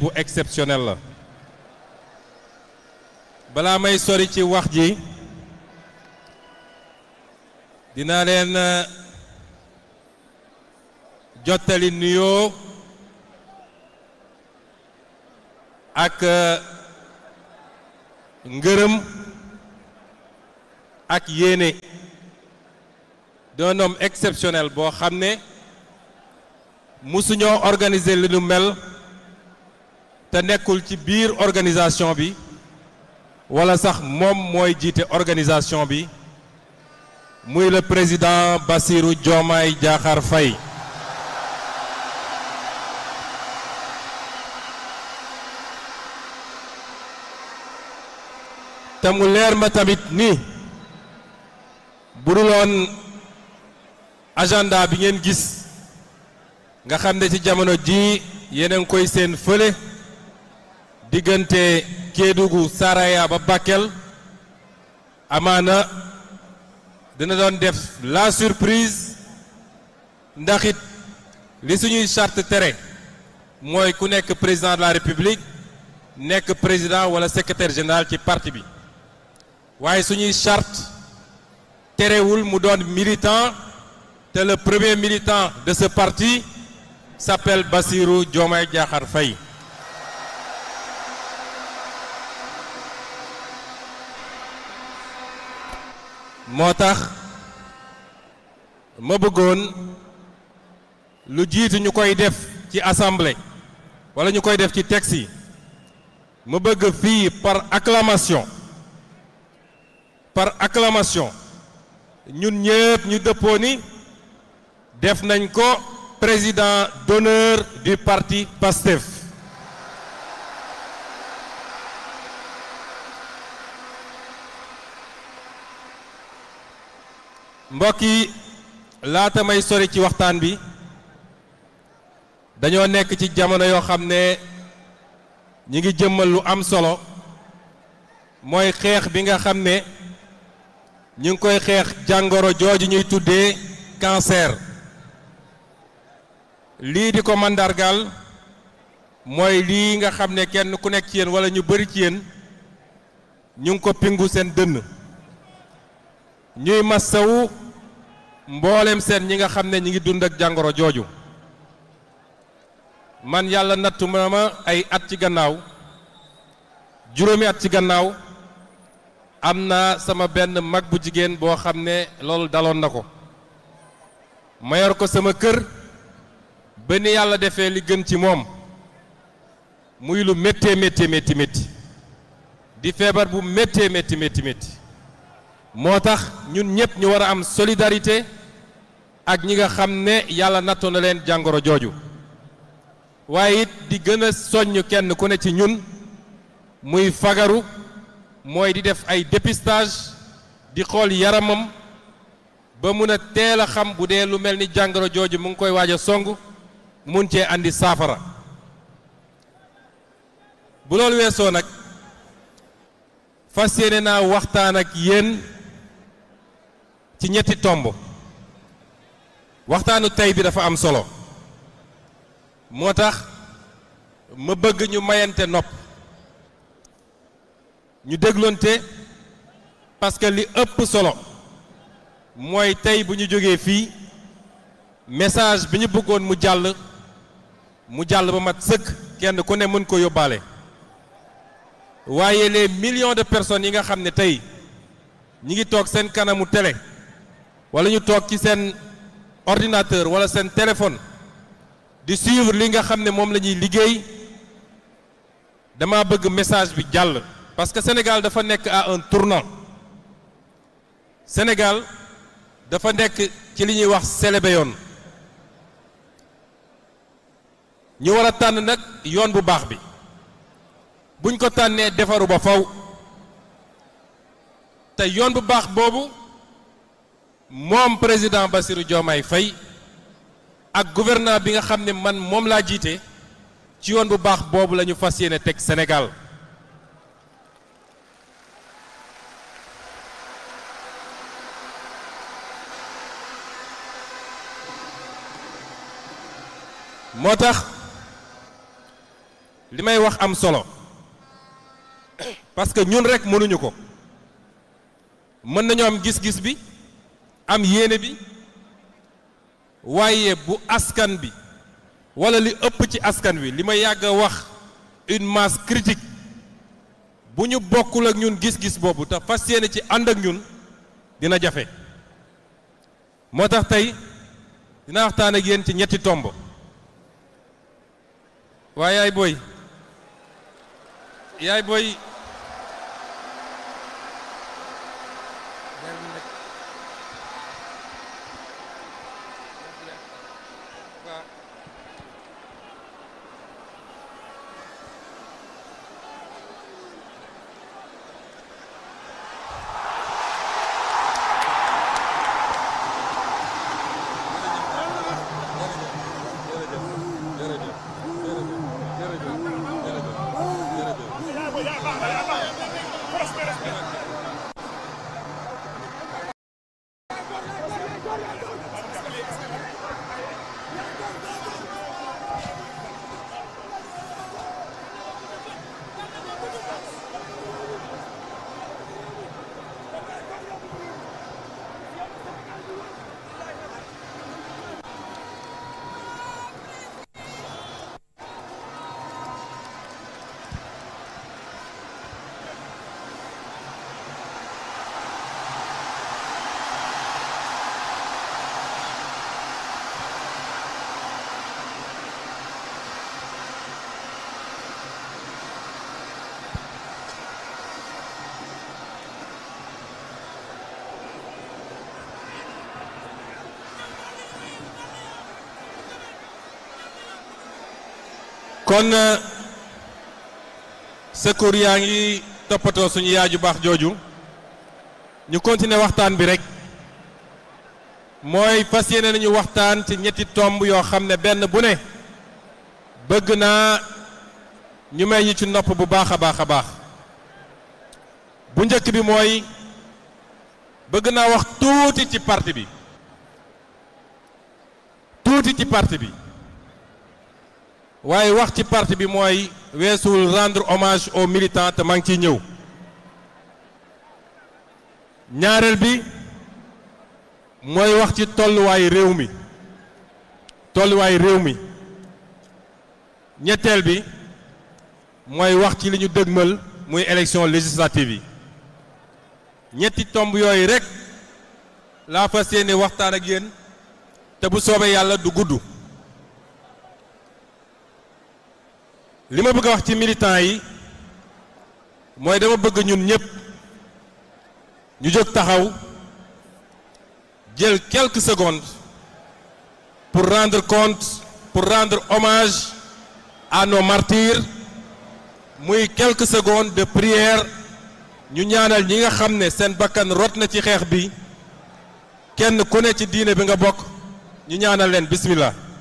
bu exceptionnel la balaa may sori ci wax ji dinaa leen euh, jottali nuyoo ak euh, ngërëm ak yéene d'un homme exceptionnel boo xam ne musuñoo organiser li nu mel te nekkul ci biir organisation bi wala sax moom mooy jiite organisation bi muy la président Bassirou joomaay Diakhar fay te mu leer ma tamit ni bu dul agenda bi ngeen gis nga xam ne ci jamono ji yeneen koy seen fële diggante Kédougou Saraya ba Bakel amaana dina doon def la surprise ndax it li suñuy charte tere mooy ku nekk président de la république nekk président wala secretaire général ci parti bi waaye suñuy charte terewul mu doon militant te le premier militant de ce parti s'appelle Bassirou Diomaye Diakhar fay moo tax ma bëggoon lu jiitu ñu koy def ci assemblée wala ñu koy def ci texte yi ma bëgg fii par acclamation par acclamation ñun ñëpp ñu dëppoo ni def nañ ko président d'honneur du parti PASTEF mbokk yi laata may sori ci waxtaan bi dañoo nekk ci jamono yoo xam ne ñu ngi jëmmal lu am solo mooy xeex bi nga xam ne ñu ngi koy xeex jàngoro jooju ñuy tudde cancer lii di ko màndargal mooy lii nga xam ne kenn ku nekk ci yenn wala ñu bari ci yéen ñu ngi ko pingu seen dënn ñuy massawu mboolem seen ñi nga xam ne ñi ngi dund ak jàngoro jooju man yàlla nattu ma ma ay at ci gannaaw juróomi at ci gannaaw am na sama benn mag bu jigéen boo xam ne loolu daloon na ko mayor ko sama kër ba ni yàlla defee li gën ci moom muy lu méttee métti métti métti di feebar bu méttee métti métti métti moo tax ñun ñëpp ñu war a am solidarité ak ñi nga xam ne yàlla nattoo na leen jàngoro jooju waaye it di gën a soññ kenn ku ne ci ñun muy fagaru mooy di def ay dépistage di xool yaramam ba mun a teel a xam bu dee lu mel ni jàngoro jooju mu ngi koy waaj a song mun cee indi saafara bu loolu weesoo nag fas yéene naa waxtaan ak yéen. ci ñetti tomb waxtaanu tey bi dafa am solo moo tax ma bëgg ñu mayante nopp ñu dégloonte parce que li ëpp solo mooy tey bu ñu jógee fii message bi ñu bëggoon mu jàll mu jàll ba mat sëkk kenn ku ne mën ko yóbbaale waaye les million de personnes yi nga xam ne tey ñu ngi toog seen kanamu télé wala ñu toog ci seen ordinateur wala seen téléphone di suivre li nga xam ne moom la ñuy liggéey dama bëgg message bi jàll parce que Sénégal dafa nekk à un tournant Sénégal dafa nekk ci li ñuy wax selebe yoon ñu war a tànn nag yoon bu baax bi buñ ko tànnee defaru ba faw te yoon bu baax boobu moom président Bassirou joomaay Faye ak gouvernement bi nga xam ne man moom laa jiite ci yoon bu baax boobu lañu fas yéene teg Sénégal moo tax li may wax am solo parce que ñun rekk mënuñu ko mën nañu am gis-gis bi am yéene bi waaye bu askan bi wala li ëpp ci askan wi li ma yàgg a wax une masse critique bu ñu bokkul ak ñun gis-gis boobu te fas yéene ci ànd ak ñun dina jafe moo tax tey dina waxtaan ak yéen ci ñetti tomb waaye yaay booy yaay booy kon euh, secours yaa ngi toppatoo suñu yaay ju baax jooju ñu continuer waxtaan bi rek mooy fas yéene nañu waxtaan ci ñetti tomb yoo xam ne benn bu ne bëgg naa ñu may ñi ci nopp bu baax a baax a baax bu njëkk bi mooy bëgg naa wax tuuti ci parti bi tuuti ci parti bi waaye wax ci parti bi mooy weesuwul rendre hommage aux militants te maa ngi ciy ñëw ñaareel bi mooy wax ci tolluwaay réew mi tolluwaay réew mi ñetteel bi mooy wax ci li ñu dëgmal muy élection législative yi ñetti tomb yooyu rek laa fas yéene waxtaan ak yéen te bu soobee yàlla du gudd li ma bëgg a wax ci militant yi mooy dama bëgg ñun ñëpp ñu jóg taxaw jël quelque secondes pour rendre compte pour rendre hommage à nos martyrs muy quelque secondes de prière ñu ñaanal ñi nga xam ne seen bakkan rot na ci xeex bi kenn ku ne ci diine bi nga bokk ñu ñaanal leen bismillah